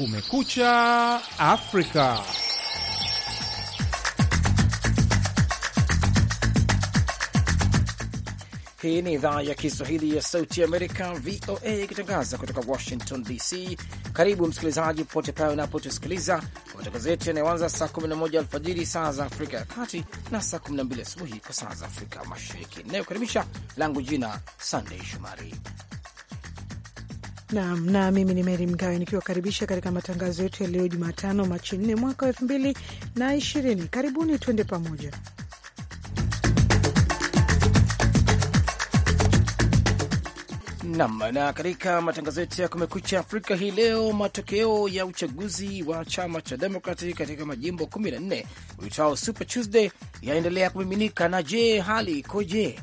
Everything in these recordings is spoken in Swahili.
Kumekucha Afrika. Hii ni idhaa ya Kiswahili ya Sauti ya Amerika, VOA, ikitangaza kutoka Washington DC. Karibu msikilizaji, popote pale unapotusikiliza. Matangazo yetu yanayoanza saa 11 alfajiri saa za Afrika ya Kati na saa 12 asubuhi kwa saa za Afrika Mashariki. Inayokaribisha langu jina Sandei Shomari Naam, na mimi ni Meri Mgawe nikiwakaribisha katika matangazo yetu ya leo Jumatano, Machi nne mwaka wa elfu mbili na ishirini. Karibuni, tuende pamoja. Nam, na katika matangazo yetu ya Kumekucha Afrika hii leo, matokeo ya uchaguzi wa chama cha Demokrati katika majimbo 14 uitao Super Tuesday yaendelea kumiminika. Na je, hali ikoje?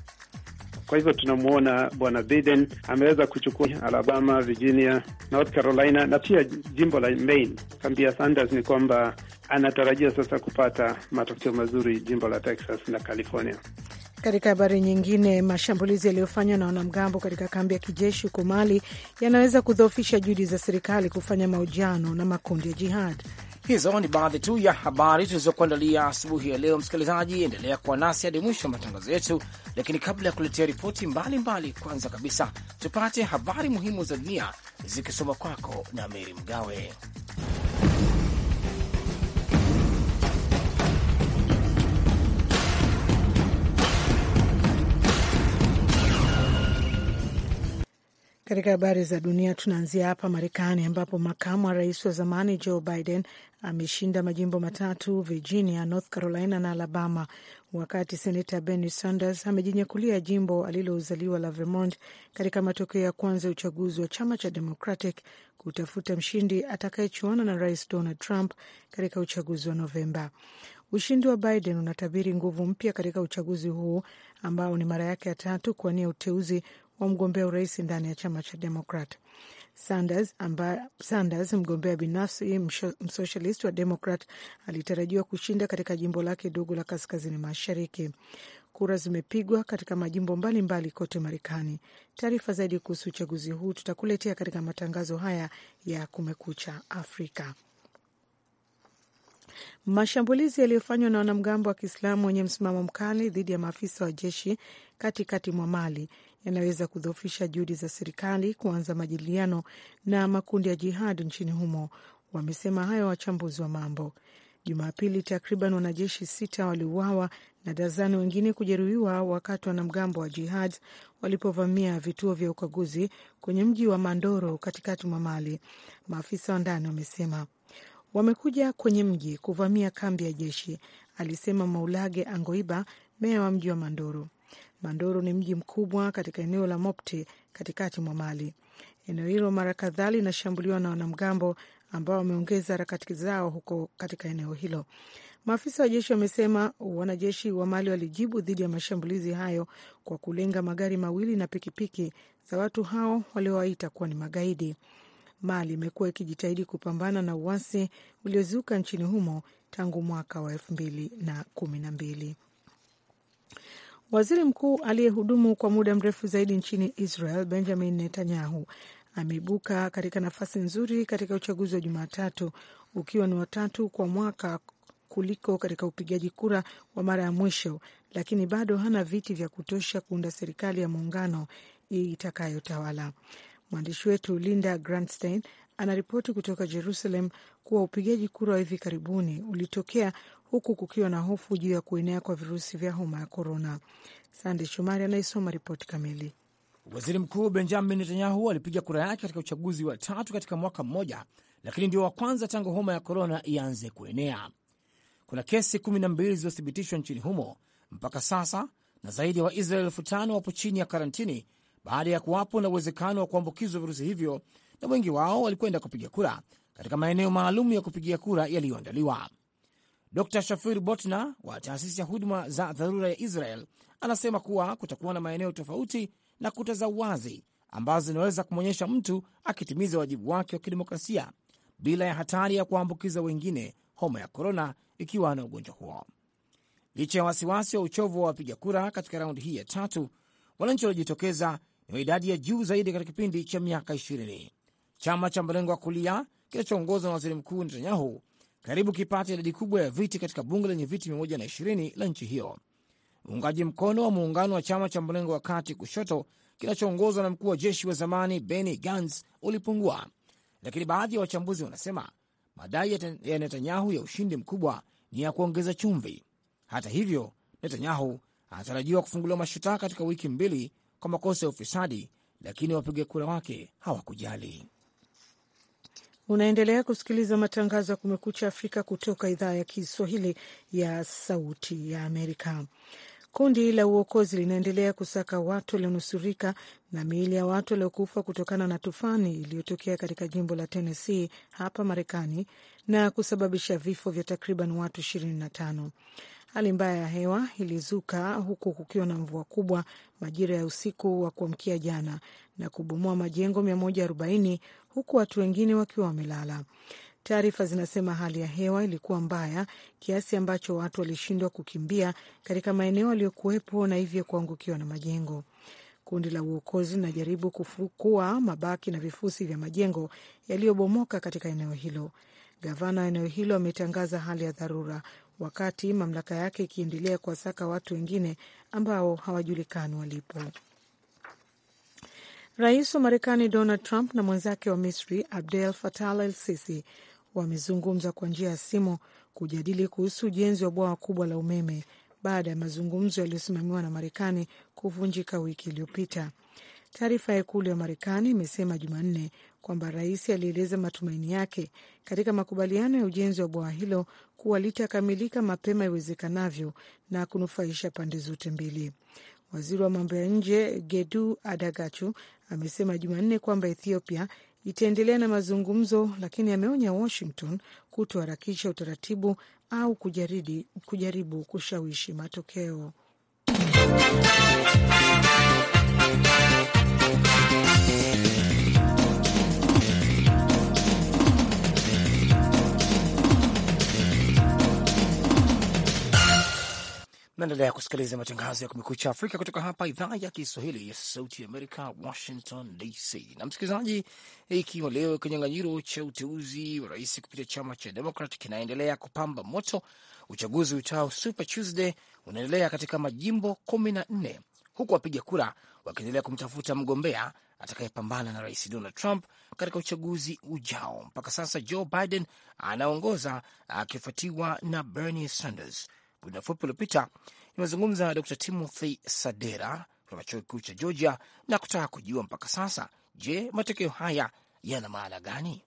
Kwa hivyo tunamwona bwana Biden ameweza kuchukua Alabama, Virginia, North Carolina na pia jimbo la Maine. Kambi ya Sanders ni kwamba anatarajia sasa kupata matokeo mazuri jimbo la Texas na California. Katika habari nyingine, mashambulizi yaliyofanywa na wanamgambo katika kambi ya kijeshi huko Mali yanaweza kudhoofisha juhudi za serikali kufanya mahojiano na makundi ya jihad. Hizo ni baadhi tu ya habari tulizokuandalia asubuhi ya leo. Msikilizaji, endelea kuwa nasi hadi mwisho wa matangazo yetu, lakini kabla ya kuletea ripoti mbalimbali, kwanza kabisa tupate habari muhimu za dunia zikisoma kwako na Meri Mgawe. Katika habari za dunia tunaanzia hapa Marekani, ambapo makamu wa rais wa zamani Joe Biden ameshinda majimbo matatu Virginia, North Carolina na Alabama, wakati senata Bernie Sanders amejinyakulia jimbo alilozaliwa la Vermont katika matokeo ya kwanza ya uchaguzi wa chama cha Democratic kutafuta mshindi atakayechuana na Rais Donald Trump katika uchaguzi wa Novemba. Ushindi wa Biden unatabiri nguvu mpya katika uchaguzi huu ambao ni mara yake ya tatu kuwania uteuzi wa mgombea urais ndani ya chama cha Demokrat. Sanders, amba, Sanders mgombea binafsi msocialist wa Demokrat alitarajiwa kushinda katika jimbo lake dogo la kaskazini mashariki. Kura zimepigwa katika majimbo mbalimbali mbali kote Marekani. Taarifa zaidi kuhusu uchaguzi huu tutakuletea katika matangazo haya ya Kumekucha Afrika. Mashambulizi yaliyofanywa na wanamgambo wa Kiislamu wenye msimamo mkali dhidi ya maafisa wa jeshi katikati mwa Mali yanaweza kudhoofisha juhudi za serikali kuanza majadiliano na makundi ya jihadi nchini humo. Wamesema hayo wachambuzi wa mambo. Jumapili, takriban wanajeshi sita waliuawa na dazani wengine kujeruhiwa wakati wanamgambo wa jihad walipovamia vituo vya ukaguzi kwenye mji wa Mandoro katikati mwa Mali. Maafisa wa ndani wamesema wamekuja kwenye mji kuvamia kambi ya jeshi, alisema Maulage Angoiba, meya wa mji wa Mandoro. Bandoro ni mji mkubwa katika eneo la Mopti katikati mwa Mali. Eneo hilo mara kadhaa linashambuliwa na wanamgambo ambao wameongeza harakati zao huko katika eneo hilo. Maafisa wa jeshi wamesema wanajeshi wa Mali walijibu dhidi ya mashambulizi hayo kwa kulenga magari mawili na pikipiki za watu hao waliowaita kuwa ni magaidi. Mali imekuwa ikijitahidi kupambana na uasi uliozuka nchini humo tangu mwaka wa elfu mbili na kumi na mbili. Waziri mkuu aliyehudumu kwa muda mrefu zaidi nchini Israel, Benjamin Netanyahu, ameibuka katika nafasi nzuri katika uchaguzi wa Jumatatu, ukiwa ni watatu kwa mwaka kuliko katika upigaji kura wa mara ya mwisho, lakini bado hana viti vya kutosha kuunda serikali ya muungano itakayotawala. Mwandishi wetu Linda Grantstein anaripoti kutoka Jerusalem kuwa upigaji kura wa hivi karibuni ulitokea huku kukiwa na hofu juu ya kuenea kwa virusi vya homa ya korona. Sande Shomari anayesoma ripoti kamili. Waziri Mkuu Benjamin Netanyahu alipiga kura yake katika uchaguzi wa tatu katika mwaka mmoja, lakini ndio wa kwanza tangu homa ya korona ianze kuenea. Kuna kesi kumi na mbili zilizothibitishwa nchini humo mpaka sasa na zaidi ya wa Waisrael elfu tano wapo chini ya karantini baada ya kuwapo na uwezekano wa kuambukizwa virusi hivyo, na wengi wao walikwenda kupiga kura katika maeneo maalum ya kupigia kura yaliyoandaliwa. Dr Shafir Botna wa taasisi ya huduma za dharura ya Israel anasema kuwa kutakuwa na maeneo tofauti na kuta za uwazi ambazo zinaweza kumwonyesha mtu akitimiza wajibu wake wa kidemokrasia bila ya hatari ya kuwaambukiza wengine homa ya korona ikiwa ana ugonjwa huo. Licha ya wasiwasi wa uchovu wa wapiga kura katika raundi hii ya tatu, wananchi waliojitokeza ni wa idadi ya juu zaidi katika kipindi cha miaka ishirini. Chama cha mrengo wa kulia kinachoongozwa na waziri mkuu Netanyahu karibu kipata idadi kubwa ya viti katika bunge lenye viti 120 la nchi hiyo. Uungaji mkono wa muungano wa chama cha mlengo wa kati kushoto kinachoongozwa na mkuu wa jeshi wa zamani Benny Gantz ulipungua, lakini baadhi ya wachambuzi wanasema madai ya Netanyahu ya ushindi mkubwa ni ya kuongeza chumvi. Hata hivyo, Netanyahu anatarajiwa kufunguliwa mashtaka katika wiki mbili kwa makosa ya ufisadi, lakini wapiga kura wake hawakujali. Unaendelea kusikiliza matangazo ya Kumekucha Afrika kutoka idhaa ya Kiswahili ya Sauti ya Amerika. Kundi la uokozi linaendelea kusaka watu walionusurika na miili ya watu waliokufa kutokana na tufani iliyotokea katika jimbo la Tennessee hapa Marekani na kusababisha vifo vya takriban watu 25. Hali mbaya ya hewa ilizuka huku kukiwa na mvua kubwa majira ya usiku wa kuamkia jana na kubomoa majengo 140 huku watu wengine wakiwa wamelala. Taarifa zinasema hali ya hewa ilikuwa mbaya kiasi ambacho watu walishindwa kukimbia katika maeneo yaliyokuwepo na hivyo kuangukiwa na majengo. Kundi la uokozi linajaribu kufukua mabaki na vifusi vya majengo yaliyobomoka katika eneo hilo. Gavana wa eneo hilo ametangaza hali ya dharura, wakati mamlaka yake ikiendelea kuwasaka watu wengine ambao hawajulikani walipo. Rais wa Marekani Donald Trump na mwenzake wa Misri Abdel Fattah el Sisi wamezungumza kwa njia ya simu kujadili kuhusu ujenzi wa bwawa kubwa la umeme baada ya mazungumzo yaliyosimamiwa na Marekani kuvunjika wiki iliyopita. Taarifa ya ikulu ya Marekani imesema Jumanne kwamba rais alieleza matumaini yake katika makubaliano ya ujenzi wa bwawa hilo kuwa litakamilika mapema iwezekanavyo na kunufaisha pande zote mbili. Waziri wa mambo ya nje Gedu Adagachu amesema Jumanne kwamba Ethiopia itaendelea na mazungumzo, lakini ameonya Washington kutoharakisha utaratibu au kujaridi, kujaribu kushawishi matokeo. Naendelea kusikiliza matangazo ya Kumekucha Afrika kutoka hapa idhaa ya Kiswahili ya Sauti Amerika, Washington DC. Na msikilizaji, ikiwa leo kinyang'anyiro cha uteuzi wa rais kupitia chama cha Demokrat kinaendelea kupamba moto, uchaguzi utao Super Tuesday unaendelea katika majimbo kumi na nne huku wapiga kura wakiendelea kumtafuta mgombea atakayepambana na rais Donald Trump katika uchaguzi ujao. Mpaka sasa Joe Biden anaongoza akifuatiwa na Bernie Sanders. Muda mfupi uliopita nimezungumza na Dr Timothy Sadera kutoka chuo kikuu cha Georgia na kutaka kujua mpaka sasa, je, matokeo haya yana maana gani?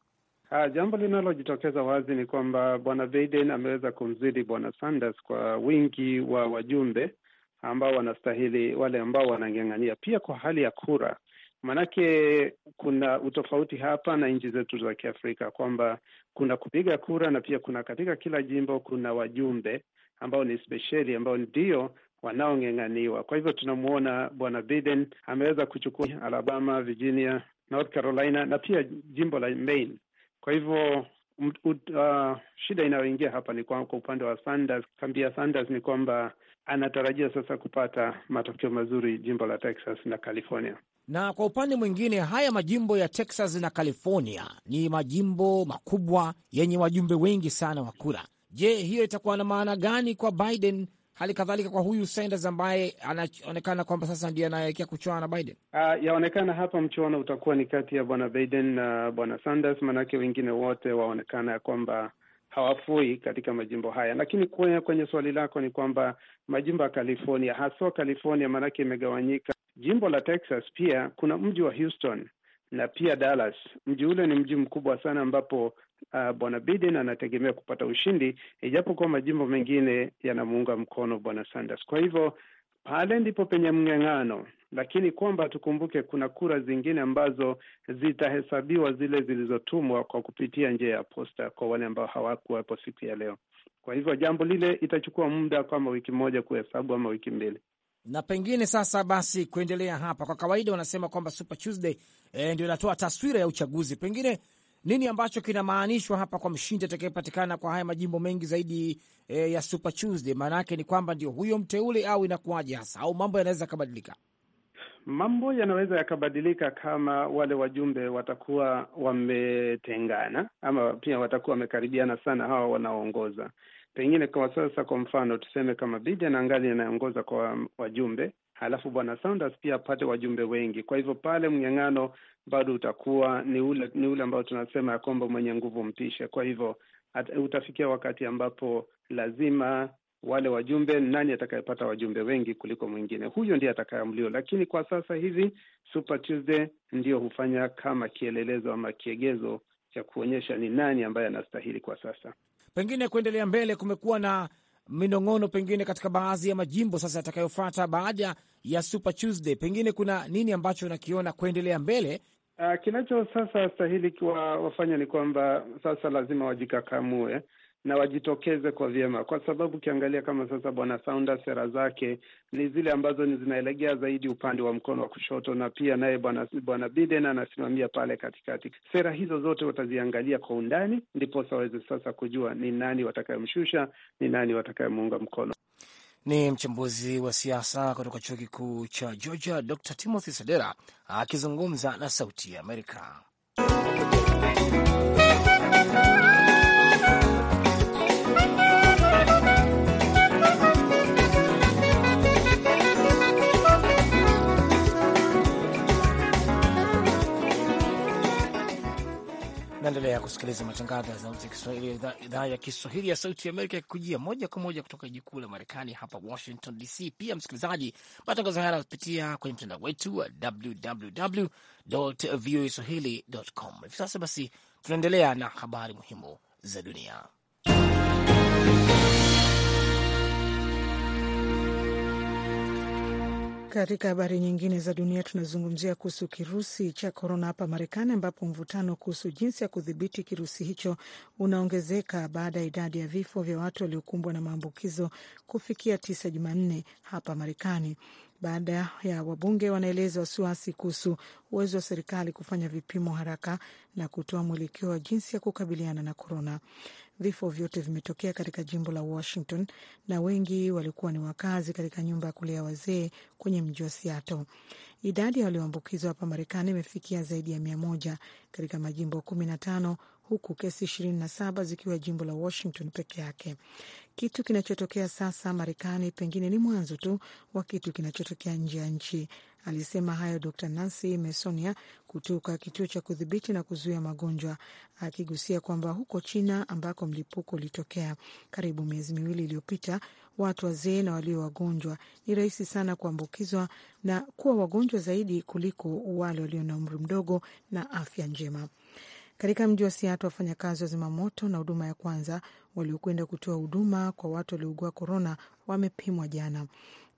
Uh, jambo linalojitokeza wazi ni kwamba bwana Biden ameweza kumzidi bwana Sanders kwa wingi wa wajumbe ambao wanastahili, wale ambao wanang'ang'ania, pia kwa hali ya kura. Maanake kuna utofauti hapa na nchi zetu za Kiafrika kwamba kuna kupiga kura na pia kuna katika kila jimbo kuna wajumbe ambao ni spesheli ambao ndio wanaong'eng'aniwa. Kwa hivyo tunamwona Bwana Biden ameweza kuchukua Alabama, Virginia, North Carolina na pia jimbo la Maine. Kwa hivyo uh, shida inayoingia hapa ni kwa, kwa upande wa Sanders, kambi ya Sanders ni kwamba anatarajia sasa kupata matokeo mazuri jimbo la Texas na California. Na kwa upande mwingine, haya majimbo ya Texas na California ni majimbo makubwa yenye wajumbe wengi sana wa kura Je, hiyo itakuwa na maana gani kwa Biden, hali kadhalika kwa huyu Sanders ambaye anaonekana kwamba sasa ndiye anaelekea kuchoana na Biden? Uh, yaonekana hapa mchuano utakuwa ni kati ya bwana Biden na bwana Sanders, maanake wengine wote waonekana ya kwamba hawafui katika majimbo haya. Lakini kwenye, kwenye swali lako ni kwamba majimbo ya California, haswa California, maanake imegawanyika. Jimbo la Texas pia kuna mji wa Houston na pia Dallas. Mji ule ni mji mkubwa sana ambapo uh, bwana Biden anategemea kupata ushindi, ijapokuwa majimbo mengine yanamuunga mkono bwana Sanders. Kwa hivyo pale ndipo penye mng'ang'ano, lakini kwamba tukumbuke kuna kura zingine ambazo zitahesabiwa, zile zilizotumwa kwa kupitia njia ya posta kwa wale ambao hawakuwepo siku ya leo. Kwa hivyo jambo lile itachukua muda kama wiki moja kuhesabu ama wiki mbili na pengine sasa basi kuendelea hapa, kwa kawaida wanasema kwamba Super Tuesday eh, ndio inatoa taswira ya uchaguzi. Pengine nini ambacho kinamaanishwa hapa kwa mshindi atakayepatikana kwa haya majimbo mengi zaidi e, ya Super Tuesday? Maana yake ni kwamba ndio huyo mteule, au inakuwaje hasa, au mambo yanaweza yakabadilika? Mambo yanaweza yakabadilika kama wale wajumbe watakuwa wametengana, ama pia watakuwa wamekaribiana sana hawa wanaoongoza Pengine kwa sasa, kwa mfano tuseme kama Biden angali anaongoza kwa wajumbe, halafu bwana Sanders pia apate wajumbe wengi. Kwa hivyo pale mnyang'ano bado utakuwa ni ule ni ule ambao tunasema ya kwamba mwenye nguvu mpishe. Kwa hivyo utafikia wakati ambapo lazima wale wajumbe, nani atakayepata wajumbe wengi kuliko mwingine, huyo ndiye atakayeamliwa. Lakini kwa sasa hivi Super Tuesday hufanya kama kielelezo ama kiegezo cha kuonyesha ni nani ambaye anastahili kwa sasa. Pengine kuendelea mbele, kumekuwa na minong'ono pengine katika baadhi ya majimbo sasa yatakayofuata baada ya Super Tuesday. Pengine kuna nini ambacho unakiona kuendelea mbele? Uh, kinacho sasa stahili kiwa wafanya ni kwamba sasa lazima wajikakamue na wajitokeze kwa vyema, kwa sababu ukiangalia kama sasa bwana Saunda sera zake ni zile ambazo ni zinaelegea zaidi upande wa mkono wa kushoto, na pia naye bwana bwana Biden anasimamia pale katikati. Sera hizo zote wataziangalia kwa undani, ndiposa waweze sasa kujua ni nani watakayemshusha, ni nani watakayemuunga mkono. Ni mchambuzi wa siasa kutoka chuo kikuu cha Georgia, Dr Timothy Sadera akizungumza na Sauti ya Amerika. Unaendelea kusikiliza matangazo ya Sauti ya Kiswahili, idhaa ya Kiswahili ya Sauti ya Amerika yakikujia moja kwa moja kutoka jiji kuu la Marekani, hapa Washington DC. Pia msikilizaji, matangazo haya yanapitia kwenye mtandao wetu wa www voa swahili com. Hivi sasa basi, tunaendelea na habari muhimu za dunia. Katika habari nyingine za dunia, tunazungumzia kuhusu kirusi cha korona hapa Marekani, ambapo mvutano kuhusu jinsi ya kudhibiti kirusi hicho unaongezeka baada ya idadi ya vifo vya watu waliokumbwa na maambukizo kufikia tisa Jumanne hapa Marekani baada ya wabunge wanaeleza wasiwasi kuhusu uwezo wa serikali kufanya vipimo haraka na kutoa mwelekeo wa jinsi ya kukabiliana na korona. Vifo vyote vimetokea katika jimbo la Washington na wengi walikuwa ni wakazi katika nyumba ya kulea wazee kwenye mji wa Seattle. Idadi ya walioambukizwa hapa Marekani imefikia zaidi ya mia moja katika majimbo kumi na tano huku kesi 27 zikiwa jimbo la Washington peke yake. Kitu kinachotokea sasa Marekani pengine ni mwanzo tu wa kitu kinachotokea nje ya nchi, Alisema hayo Dr Nancy Mesonia kutoka kituo cha kudhibiti na kuzuia magonjwa, akigusia kwamba huko China ambako mlipuko ulitokea karibu miezi miwili iliyopita, watu wazee na walio wagonjwa ni rahisi sana kuambukizwa na kuwa wagonjwa zaidi kuliko wale walio na umri mdogo na afya njema. Katika mji wa Siato, wafanyakazi wa zimamoto na huduma ya kwanza waliokwenda kutoa huduma kwa watu waliougua korona wamepimwa jana.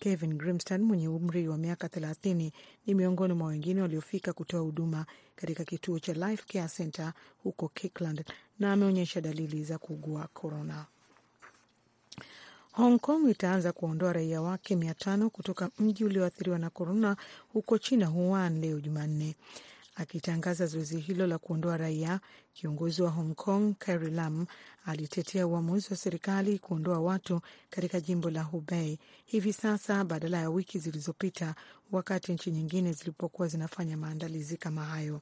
Kevin Grimston mwenye umri wa miaka 30 ni miongoni mwa wengine waliofika kutoa huduma katika kituo cha Life Care Center huko Kirkland na ameonyesha dalili za kuugua korona. Hong Kong itaanza kuondoa raia wake mia tano kutoka mji ulioathiriwa na korona huko China, Wuhan, leo Jumanne. Akitangaza zoezi hilo la kuondoa raia, kiongozi wa Hong Kong Carrie Lam alitetea uamuzi wa serikali kuondoa watu katika jimbo la Hubei hivi sasa badala ya wiki zilizopita, wakati nchi nyingine zilipokuwa zinafanya maandalizi kama hayo.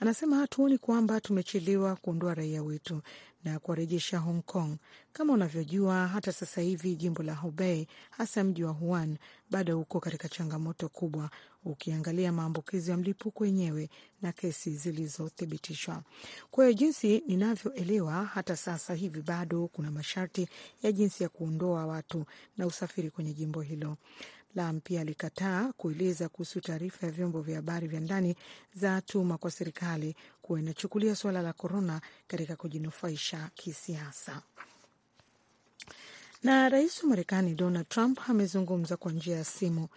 Anasema, hatuoni kwamba tumechelewa kuondoa raia wetu na kuwarejesha Hong Kong. Kama unavyojua, hata sasa hivi jimbo la Hubei, hasa mji wa Wuhan, bado uko katika changamoto kubwa ukiangalia maambukizi ya mlipuko wenyewe na kesi zilizothibitishwa. Kwa hiyo jinsi ninavyoelewa, hata sasa hivi bado kuna masharti ya jinsi ya kuondoa watu na usafiri kwenye jimbo hilo. Lam pia alikataa kueleza kuhusu taarifa ya vyombo vya habari vya ndani za tuma kwa serikali kuwa inachukulia suala la korona katika kujinufaisha kisiasa. Na rais wa Marekani Donald Trump amezungumza kwa njia ya simu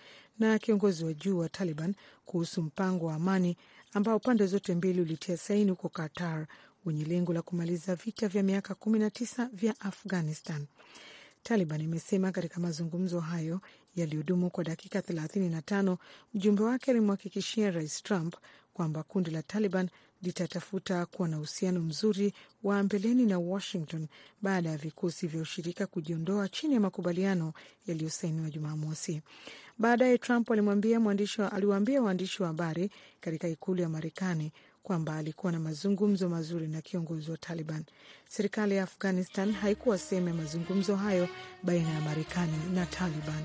na kiongozi wa juu wa Taliban kuhusu mpango wa amani ambao pande zote mbili ulitia saini huko Qatar wenye lengo la kumaliza vita vya miaka kumi na tisa vya Afghanistan. Taliban imesema katika mazungumzo hayo yaliyodumu kwa dakika tano mjumbe wake alimhakikishia Rais Trump kwamba kundi la Taliban litatafuta kuwa na uhusiano mzuri wa mbeleni na Washington baada ya vikosi vya ushirika kujiondoa chini ya makubaliano yaliyosainiwa Jumamosi. Baadaye Trump aliwaambia waandishi wa habari katika ikulu ya Marekani kwamba alikuwa na mazungumzo mazuri na kiongozi wa Taliban. Serikali ya Afghanistan haikuwa sehemu ya mazungumzo hayo baina ya Marekani na Taliban.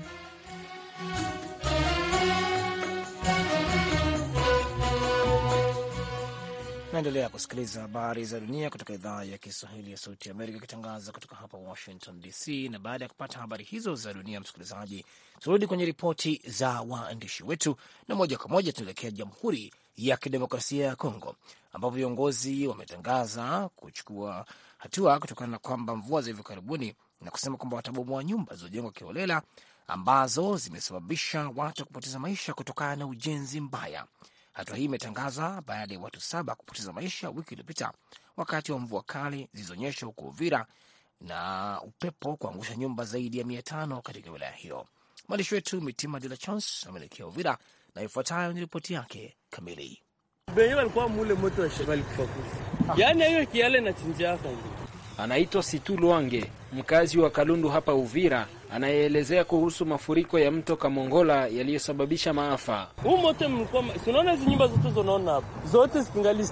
Naendelea kusikiliza habari za dunia kutoka idhaa ya Kiswahili ya Sauti ya Amerika ikitangaza kutoka hapa Washington DC. Na baada ya kupata habari hizo za dunia, msikilizaji, turudi kwenye ripoti za waandishi wetu, na moja kwa moja tunaelekea Jamhuri ya Kidemokrasia ya Kongo ambapo viongozi wametangaza kuchukua hatua kutokana na kwamba mvua za hivi karibuni, na kusema kwamba watabomoa nyumba zilizojengwa kiholela ambazo zimesababisha watu kupoteza maisha kutokana na ujenzi mbaya. Hatua hii imetangaza baada ya watu saba kupoteza maisha wiki iliyopita wakati wa mvua kali zilizonyesha huko Uvira na upepo kuangusha nyumba zaidi ya mia tano katika wilaya hiyo. Mwandishi wetu Mitima De La Chance ameelekea Uvira na ifuatayo ni ripoti yake kamili. Yaani, Anaitwa Situ Lwange, mkazi wa Kalundu hapa Uvira anayeelezea kuhusu mafuriko ya mto Kamongola yaliyosababisha maafa. Huu mlikuwa, unaona hizi nyumba zote zote zikingali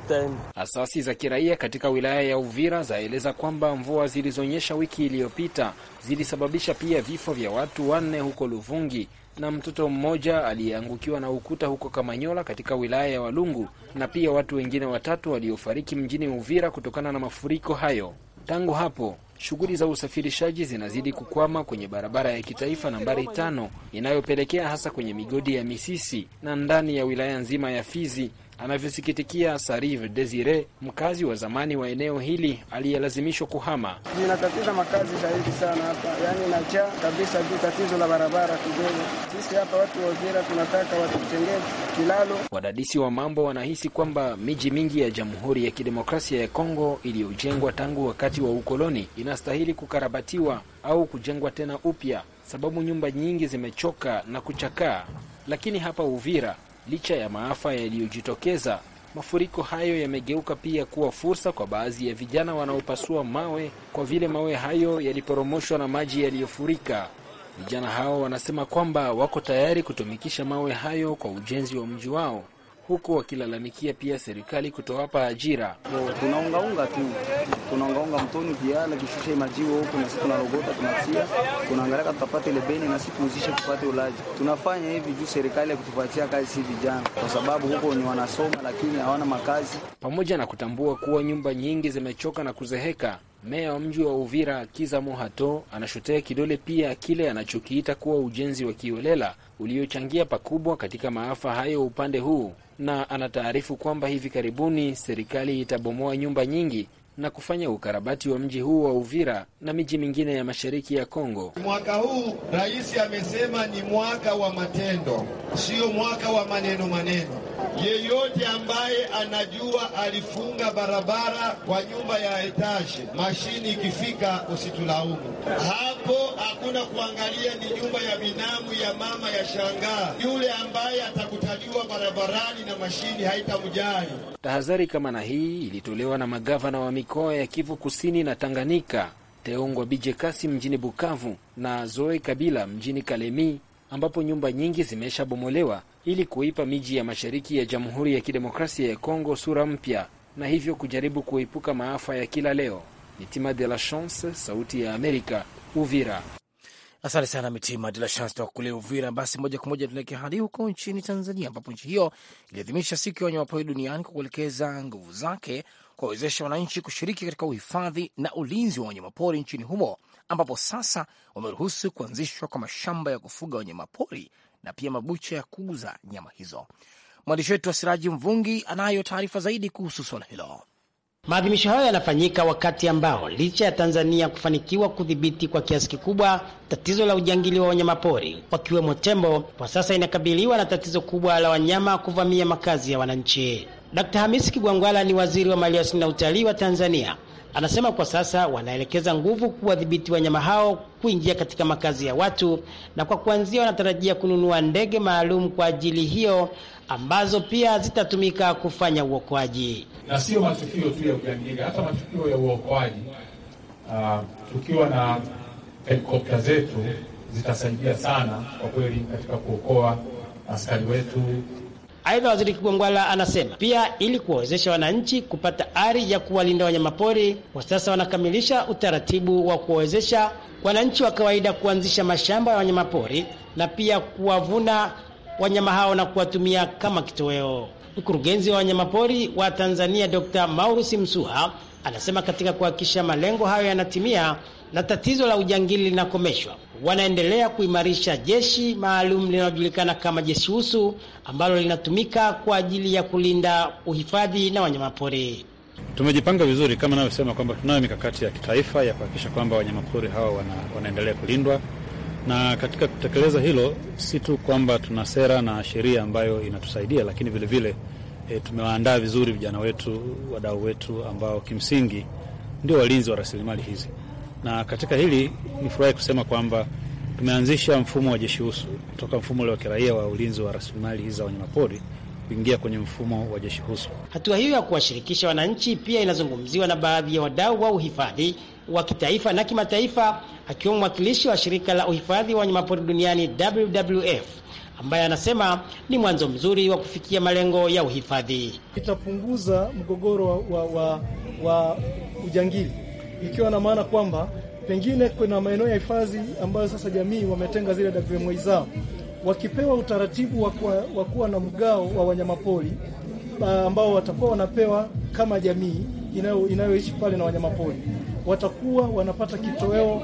Asasi za kiraia katika wilaya ya Uvira zaeleza kwamba mvua zilizonyesha wiki iliyopita zilisababisha pia vifo vya watu wanne huko Luvungi na mtoto mmoja aliyeangukiwa na ukuta huko Kamanyola katika wilaya ya Walungu na pia watu wengine watatu waliofariki mjini Uvira kutokana na mafuriko hayo. Tangu hapo shughuli za usafirishaji zinazidi kukwama kwenye barabara ya kitaifa nambari tano inayopelekea hasa kwenye migodi ya Misisi na ndani ya wilaya nzima ya Fizi anavyosikitikia Sarive Desire, mkazi wa zamani wa eneo hili aliyelazimishwa kuhama. Ninatatiza makazi zaidi sana hapa, yaani najaa kabisa juu tatizo la barabara kidogo. Sisi hapa watu wa Uvira tunataka watutengee kilalo. Wadadisi wa mambo wanahisi kwamba miji mingi ya Jamhuri ya Kidemokrasia ya Kongo iliyojengwa tangu wakati wa ukoloni inastahili kukarabatiwa au kujengwa tena upya, sababu nyumba nyingi zimechoka na kuchakaa, lakini hapa Uvira Licha ya maafa yaliyojitokeza, mafuriko hayo yamegeuka pia kuwa fursa kwa baadhi ya vijana wanaopasua mawe, kwa vile mawe hayo yaliporomoshwa na maji yaliyofurika. Vijana hao wanasema kwamba wako tayari kutumikisha mawe hayo kwa ujenzi wa mji wao huku wakilalamikia pia serikali kutowapa ajira. Tunaungaunga tu tunaungaunga mtoni kiala kishusha majiwe huku, na sisi tunarogota tunasia, tunaangalia tutapata ile beni na sisi tuuzishe tupate ulaji. Tunafanya hivi juu serikali ya kutupatia kazi si vijana, kwa sababu huko ni wanasoma lakini hawana makazi, pamoja na kutambua kuwa nyumba nyingi zimechoka na kuzeheka. Meya wa mji wa Uvira Kiza Mohato anashotea kidole pia kile anachokiita kuwa ujenzi wa kiolela uliochangia pakubwa katika maafa hayo upande huu, na anataarifu kwamba hivi karibuni serikali itabomoa nyumba nyingi na kufanya ukarabati wa mji huu wa Uvira na miji mingine ya mashariki ya Kongo. Mwaka huu rais amesema ni mwaka wa matendo, siyo mwaka wa maneno maneno. Yeyote ambaye anajua alifunga barabara kwa nyumba ya etaje, mashini ikifika, usitulaumu hapo. Hakuna kuangalia ni nyumba ya binamu ya mama ya shangaa. Yule ambaye atakutaliwa barabarani na mashini haitamjali. Tahadhari kama na hii ilitolewa na magavana wa mikoa ya Kivu Kusini na Tanganyika, Teongwa Bije Kasi mjini Bukavu na Zoe Kabila mjini Kalemi ambapo nyumba nyingi zimeshabomolewa ili kuipa miji ya mashariki ya Jamhuri ya Kidemokrasia ya Kongo sura mpya na hivyo kujaribu kuepuka maafa ya kila leo. Mitima de la Chance, Sauti ya Amerika, Uvira. Asante sana Mitima de la Chance toka kule Uvira. Basi moja kwa moja tunaelekea hadi huko nchini Tanzania, ambapo nchi hiyo iliadhimisha siku ya wanyamapori duniani kwa kuelekeza nguvu zake kuwawezesha wananchi kushiriki katika uhifadhi na ulinzi wa wanyamapori nchini humo ambapo sasa wameruhusu kuanzishwa kwa mashamba ya kufuga wanyamapori na pia mabucha ya kuuza nyama hizo. Mwandishi wetu wa Siraji Mvungi anayo taarifa zaidi kuhusu suala hilo. Maadhimisho hayo yanafanyika wakati ambao licha ya Tanzania kufanikiwa kudhibiti kwa kiasi kikubwa tatizo la ujangili wa wanyamapori wakiwemo tembo, kwa sasa inakabiliwa na tatizo kubwa la wanyama kuvamia makazi ya wananchi. Dkt. Hamisi Kigwangwala ni waziri wa maliasili na utalii wa Tanzania Anasema kwa sasa wanaelekeza nguvu kuwadhibiti wanyama hao kuingia katika makazi ya watu, na kwa kuanzia wanatarajia kununua ndege maalum kwa ajili hiyo ambazo pia zitatumika kufanya uokoaji. Na sio matukio tu ya ujangili, hata matukio ya uokoaji. Uh, tukiwa na helikopta zetu zitasaidia sana kwa kweli katika kuokoa askari wetu Aidha, waziri Kigwangwala anasema pia ili kuwawezesha wananchi kupata ari ya kuwalinda wanyamapori kwa sasa wanakamilisha utaratibu wa kuwawezesha wananchi wa kawaida kuanzisha mashamba ya wanyamapori na pia kuwavuna wanyama hao na kuwatumia kama kitoweo. Mkurugenzi wa wanyamapori wa Tanzania Dr. maurusi Msuha anasema katika kuhakikisha malengo hayo yanatimia, na tatizo la ujangili linakomeshwa. Wanaendelea kuimarisha jeshi maalum linalojulikana kama jeshi husu ambalo linatumika kwa ajili ya kulinda uhifadhi na wanyamapori. Tumejipanga vizuri kama navyosema kwamba tunayo mikakati ya kitaifa ya kuhakikisha kwamba wanyamapori hawa wana, wanaendelea kulindwa, na katika kutekeleza hilo si tu kwamba tuna sera na sheria ambayo inatusaidia, lakini vilevile e, tumewaandaa vizuri vijana wetu, wadau wetu ambao kimsingi ndio walinzi wa rasilimali hizi. Na katika hili nifurahi kusema kwamba tumeanzisha mfumo wa jeshi husu kutoka mfumo ule wa kiraia wa ulinzi wa rasilimali hizi za wanyamapori kuingia kwenye mfumo wa jeshi husu. Hatua hiyo ya kuwashirikisha wananchi pia inazungumziwa na baadhi ya wadau wa uhifadhi wa kitaifa na kimataifa, akiwemo mwakilishi wa shirika la uhifadhi wa wanyamapori duniani WWF, ambaye anasema ni mwanzo mzuri wa kufikia malengo ya uhifadhi. Itapunguza mgogoro wa, wa, wa ujangili ikiwa na maana kwamba pengine kuna maeneo ya hifadhi ambayo sasa jamii wametenga zile WMA zao, wakipewa utaratibu wa kuwa na mgao wa wanyamapori ambao watakuwa wanapewa kama jamii inayo inayoishi pale na wanyamapori watakuwa wanapata kitoweo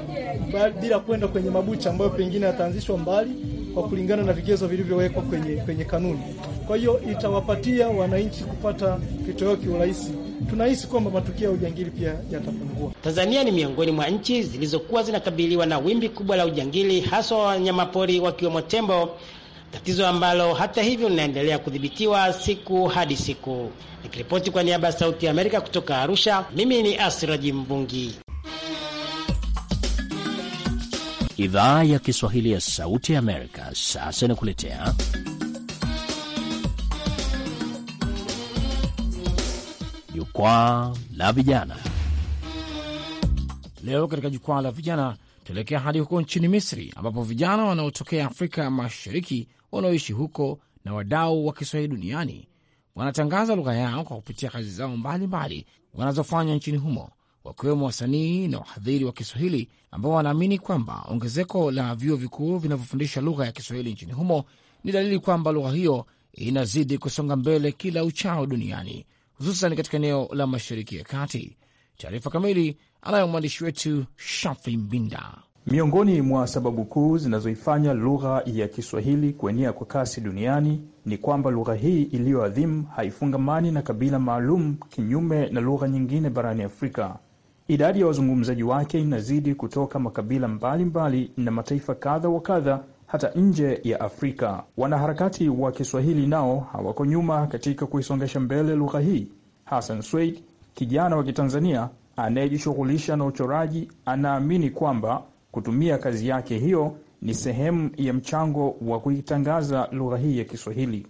bila kwenda kwenye mabucha ambayo pengine yataanzishwa mbali kwa kulingana na vigezo vilivyowekwa kwenye, kwenye kanuni. Kwa hiyo itawapatia wananchi kupata kitoweo kiurahisi tunahisi kwamba matukio ya ujangili pia yatapungua. Tanzania ni miongoni mwa nchi zilizokuwa zinakabiliwa na wimbi kubwa la ujangili, haswa wanyamapori wakiwemo tembo, tatizo ambalo hata hivyo linaendelea kudhibitiwa siku hadi siku. Nikiripoti kwa niaba ya Sauti ya Amerika kutoka Arusha, mimi ni Asiraji Mvungi. Idhaa ya Kiswahili ya Sauti ya Amerika sasa inakuletea Jukwaa la Vijana. Leo katika Jukwaa la Vijana tuelekea hadi huko nchini Misri, ambapo vijana wanaotokea Afrika Mashariki wanaoishi huko na wadau wa Kiswahili duniani wanatangaza lugha yao kwa kupitia kazi zao mbalimbali wanazofanya nchini humo, wakiwemo wasanii na wahadhiri wa Kiswahili ambao wanaamini kwamba ongezeko la vyuo vikuu vinavyofundisha lugha ya Kiswahili nchini humo ni dalili kwamba lugha hiyo inazidi kusonga mbele kila uchao duniani hususan katika eneo la Mashariki ya Kati. Taarifa kamili anayo mwandishi wetu Shafi Mbinda. Miongoni mwa sababu kuu zinazoifanya lugha ya Kiswahili kuenea kwa kasi duniani ni kwamba lugha hii iliyoadhimu haifungamani na kabila maalum, kinyume na lugha nyingine barani Afrika. Idadi ya wazungumzaji wake inazidi kutoka makabila mbalimbali mbali na mataifa kadha wa kadha, hata nje ya Afrika. Wanaharakati wa Kiswahili nao hawako nyuma katika kuisongesha mbele lugha hii. Hassan Sweid, kijana wa Kitanzania anayejishughulisha na uchoraji, anaamini kwamba kutumia kazi yake hiyo ni sehemu ya mchango wa kuitangaza lugha hii ya Kiswahili.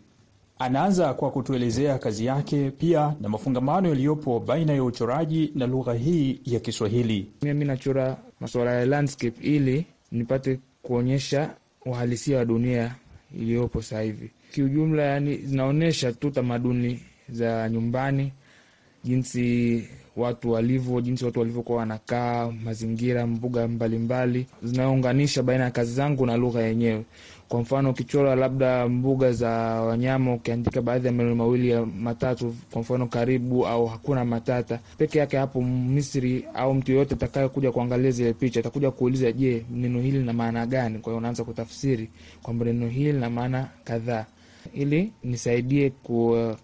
Anaanza kwa kutuelezea kazi yake pia na mafungamano yaliyopo baina ya uchoraji na lugha hii ya Kiswahili. Mimi nachora masuala ya landscape ili nipate kuonyesha uhalisia wa dunia iliyopo sasa hivi kiujumla. Yani zinaonyesha tu tamaduni za nyumbani, jinsi watu walivyo, jinsi watu walivyokuwa wanakaa, mazingira, mbuga mbalimbali, zinayounganisha baina ya kazi zangu na lugha yenyewe. Kwa mfano ukichora labda mbuga za wanyama, ukiandika baadhi ya maneno mawili ya matatu, kwa mfano karibu au hakuna matata peke yake, hapo Misri au mtu yoyote kuja kuangalia zile picha atakuja kuuliza, je, neno hili lina maana gani? Kwa hiyo unaanza kutafsiri kwamba neno hili lina maana kadhaa, ili nisaidie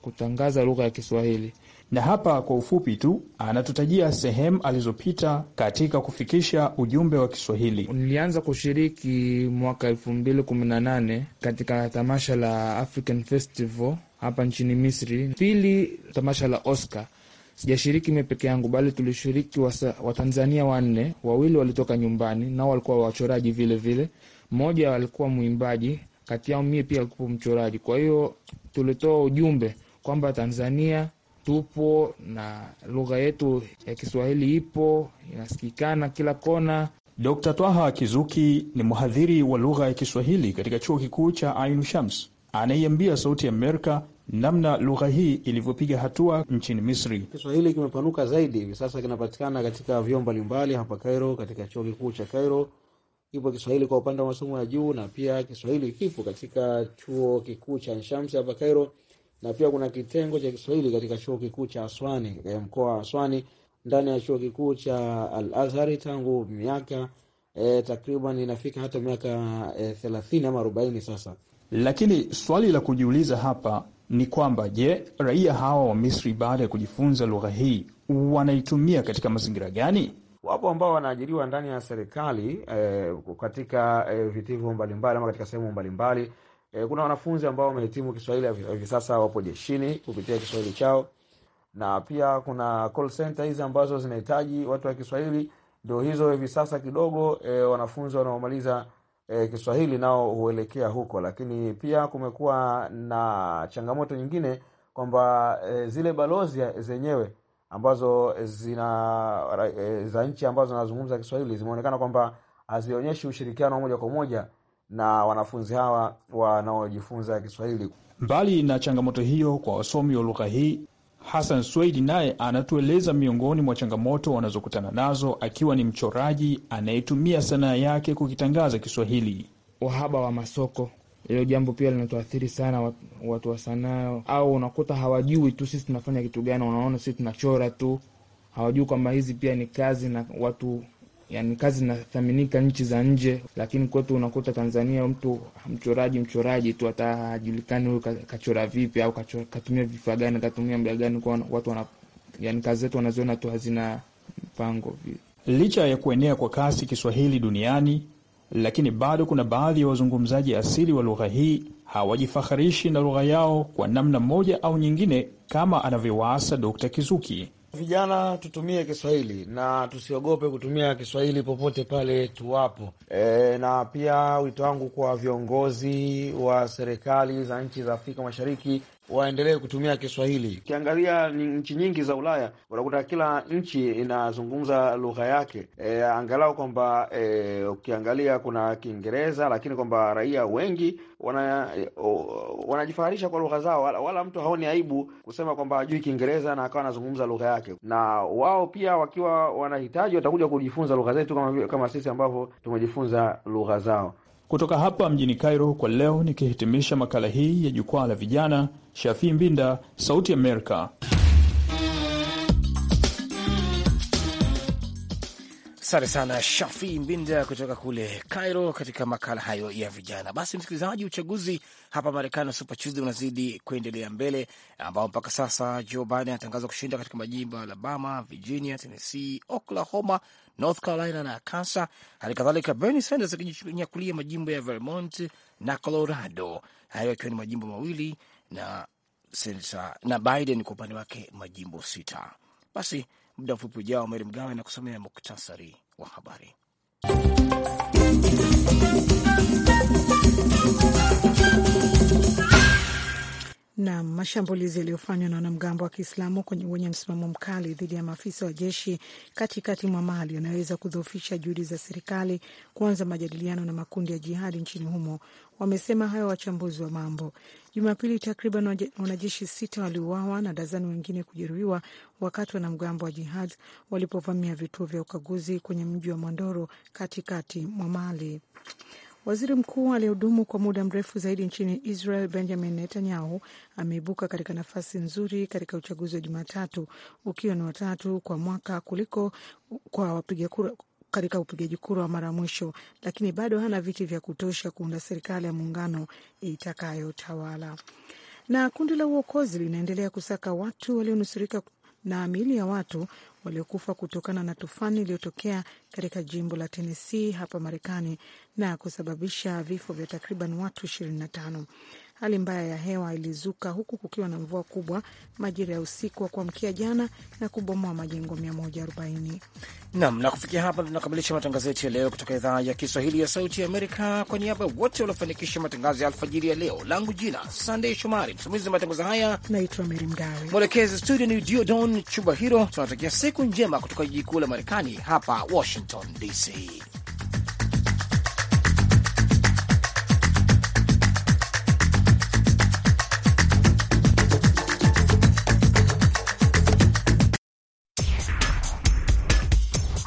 kutangaza lugha ya Kiswahili na hapa kwa ufupi tu anatutajia sehemu alizopita katika kufikisha ujumbe wa Kiswahili. Nilianza kushiriki mwaka elfu mbili kumi na nane katika tamasha la African Festival hapa nchini Misri, pili tamasha la Oscar. Sijashiriki mimi peke yangu, bali tulishiriki Watanzania wa wanne, wawili walitoka nyumbani, nao walikuwa wachoraji vilevile vile. Mmoja alikuwa mwimbaji, kati yao mie pia alikuwa mchoraji. Kwa hiyo tulitoa ujumbe kwamba Tanzania tupo na lugha yetu ya Kiswahili ipo inasikikana kila kona. Dr. Twaha Kizuki ni mhadhiri wa lugha ya Kiswahili katika chuo kikuu cha Ainu Shams anaiambia Sauti ya Amerika namna lugha hii ilivyopiga hatua nchini Misri. Kiswahili kimepanuka zaidi, hivi sasa kinapatikana katika vyuo mbalimbali hapa Cairo, katika chuo kikuu cha Cairo kipo Kiswahili kwa upande wa masomo ya juu, na pia Kiswahili kipo katika chuo kikuu cha Shamsi hapa Cairo na pia kuna kitengo cha Kiswahili katika chuo kikuu cha Aswani, katika eh, mkoa wa Aswani ndani ya chuo kikuu cha Al Azhari tangu miaka e, takriban inafika hata miaka e, thelathini ama arobaini sasa. Lakini swali la kujiuliza hapa ni kwamba je, raia hawa wa Misri baada ya kujifunza lugha hii wanaitumia katika mazingira gani? Wapo ambao wanaajiriwa ndani ya serikali e, katika e, vitivo mbalimbali ama katika sehemu mbalimbali E, kuna wanafunzi ambao wamehitimu Kiswahili hivi sasa wapo jeshini kupitia Kiswahili chao, na pia kuna call center hizi ambazo zinahitaji watu wa Kiswahili, ndio hizo hivi sasa kidogo. E, wanafunzi wanaomaliza e, Kiswahili nao huelekea huko, lakini pia kumekuwa na changamoto nyingine kwamba e, zile balozi zenyewe ambazo zina e, za nchi ambazo zinazungumza Kiswahili zimeonekana kwamba hazionyeshi ushirikiano moja kwa moja na wanafunzi hawa wanaojifunza Kiswahili. Mbali na changamoto hiyo kwa wasomi wa lugha hii, Hasan Swedi naye anatueleza miongoni mwa changamoto wanazokutana nazo akiwa ni mchoraji anayetumia sanaa yake kukitangaza Kiswahili. Uhaba wa masoko, hilo jambo pia linatuathiri sana watu wa sanaa, au unakuta hawajui tu sisi tunafanya kitu gani. Unaona, sisi tunachora tu, hawajui kwamba hizi pia ni kazi na watu yani kazi zinathaminika nchi za nje, lakini kwetu unakuta Tanzania mtu mchoraji mchoraji tu atajulikani huyu kachora vipi au katumia vifaa gani katumia muda gani, kwa watu wana, yani kazi zetu wanaziona tu hazina mpango vile. Licha ya kuenea kwa kasi Kiswahili duniani, lakini bado kuna baadhi ya wazungumzaji asili wa lugha hii hawajifaharishi na lugha yao kwa namna moja au nyingine, kama anavyowaasa Dkt. Kizuki Vijana tutumie Kiswahili na tusiogope kutumia Kiswahili popote pale tuwapo. E, na pia wito wangu kwa viongozi wa serikali za nchi za Afrika Mashariki waendelee kutumia Kiswahili. Ukiangalia ni nchi nyingi za Ulaya unakuta kila nchi inazungumza lugha yake e, angalau kwamba e, ukiangalia kuna Kiingereza, lakini kwamba raia wengi wana, e, wanajifaharisha kwa lugha zao, wala, wala mtu haoni aibu kusema kwamba hajui Kiingereza na akawa anazungumza lugha yake, na wao pia wakiwa wanahitaji watakuja kujifunza lugha zetu kama, kama sisi ambavyo tumejifunza lugha zao. Kutoka hapa mjini Cairo kwa leo, nikihitimisha makala hii ya jukwaa la vijana, Shafii Mbinda, Sauti Amerika. Asante sana Shafi Mbinda kutoka kule Cairo katika makala hayo ya vijana. Basi msikilizaji, uchaguzi hapa Marekani wa Super Tuesday unazidi kuendelea mbele, ambao mpaka sasa Joe Biden anatangaza kushinda katika majimbo ya Alabama, Virginia, Tennessee, Oklahoma North Carolina na Akasa, hali kadhalika Bernie Sanders akinyakulia majimbo ya Vermont na Colorado, hayo yakiwa ni majimbo mawili na senata, na Biden kwa upande wake majimbo sita. Basi muda mfupi ujao, Meri Mgawe na kusomea muktasari wa habari. na mashambulizi yaliyofanywa na wanamgambo wa Kiislamu wenye msimamo mkali dhidi ya maafisa wa jeshi katikati mwa Mali yanaweza kudhoofisha juhudi za serikali kuanza majadiliano na makundi ya jihadi nchini humo. Wamesema hayo wachambuzi wa mambo. Jumapili, takriban wanajeshi sita waliuawa na dazani wengine kujeruhiwa wakati wanamgambo wa jihad walipovamia vituo vya ukaguzi kwenye mji wa Mondoro katikati mwa Mali. Waziri mkuu aliyehudumu kwa muda mrefu zaidi nchini Israel, Benjamin Netanyahu, ameibuka katika nafasi nzuri katika uchaguzi wa Jumatatu, ukiwa ni watatu kwa mwaka kuliko kwa wapiga kura katika upigaji kura wa mara mwisho, lakini bado hana viti vya kutosha kuunda serikali ya muungano itakayotawala. Na kundi la uokozi linaendelea kusaka watu walionusurika na miili ya watu waliokufa kutokana na tufani iliyotokea katika jimbo la Tennessee hapa Marekani na kusababisha vifo vya takriban watu ishirini na tano Hali mbaya ya hewa ilizuka huku kukiwa na mvua kubwa majira ya usiku wa kuamkia jana na kubomoa majengo 140. Nam na kufikia hapa tunakamilisha matangazo yetu ya leo kutoka idhaa ya Kiswahili ya Sauti ya Amerika. Kwa niaba ya wote waliofanikisha matangazo ya alfajiri ya leo, langu jina Sandey Shomari, msimamizi wa matangazo haya naitwa Meri Mgawe, mwelekezi studio ni Diodon Chuba Hiro. Tunatakia siku njema kutoka jiji kuu la Marekani, hapa Washington DC.